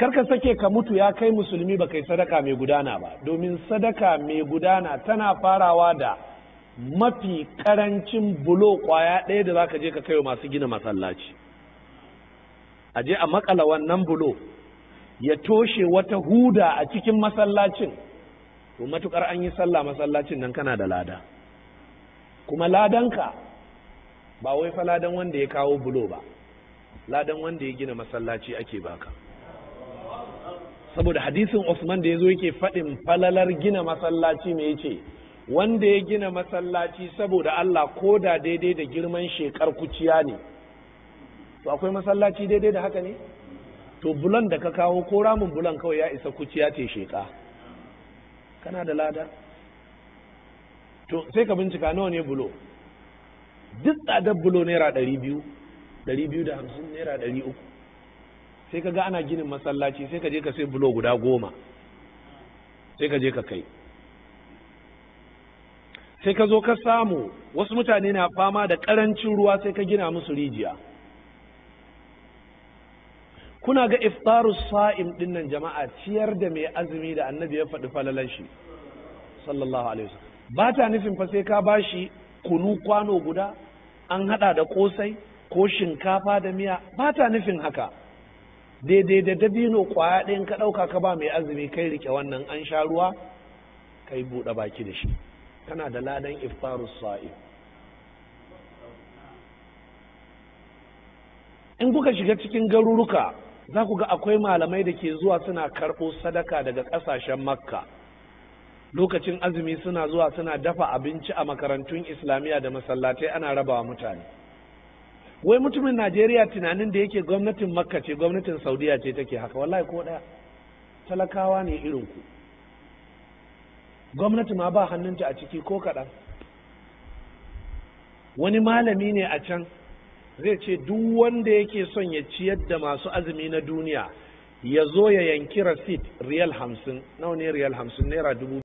karka sake ka mutu ya kai musulmi ba kai sadaka mai gudana ba domin sadaka mai gudana tana farawa da mafi karancin bulo kwaya ɗaya da za ka je ka kai wa masu gina masallaci a je a makala wannan bulo ya toshe wata huda a cikin masallacin to matukar an yi sallah masallacin nan kana da lada kuma ladanka ba wai fa ladan wanda ya kawo bulo ba ladan wanda ya gina masallaci ake baka saboda hadisin Usman da ya zo yake faɗin falalar gina masallaci me yace wanda ya gina masallaci saboda Allah ko da daidai da girman shekar kuciya ne to akwai masallaci daidai da haka ne to bulan da ka kawo ko ramin bulan kawai ya isa kuciya ce sheka kana da lada to sai ka bincika nawa ne bulo duk tsadar bulo naira ɗari biyu ɗari biyu da hamsin naira ɗari uku sai ka ga ana ginin masallaci sai ka je ka sai bulo guda goma sai ka je ka kai sai ka zo ka samu wasu mutane na fama da ƙarancin ruwa sai ka gina musu rijiya kuna ga Iftarus sa'im din nan jama'a ciyar da mai azumi da annabi ya faɗi falalan shi sallallahu alaihi ba ta nufin fa sai ka bashi kunu kwano guda an haɗa da kosai ko shinkafa da miya ba ta nufin haka daidai da dabino kwaya ɗayan ka ɗauka ka ba mai azumi kai rike wannan an sha ruwa kai buɗe baki da shi kana da ladan iftarus sa'i in kuka shiga cikin garuruka za ku ga akwai malamai da ke zuwa suna karɓo sadaka daga ƙasashen makka lokacin azumi suna zuwa suna dafa abinci a makarantun islamiyya da masallatai ana rabawa mutane wai mutumin najeriya tunanin da yake gwamnatin makka ce gwamnatin saudiya ce take haka wallahi ko ɗaya talakawa ne irin gwamnati ma ba hannunta a ciki ko kaɗan wani malami ne a can zai ce duk wanda yake son ya ciyar da masu azumi na duniya ya zo ya yanki rasit riyal hamsin nawa ne riyal hamsin naira dubu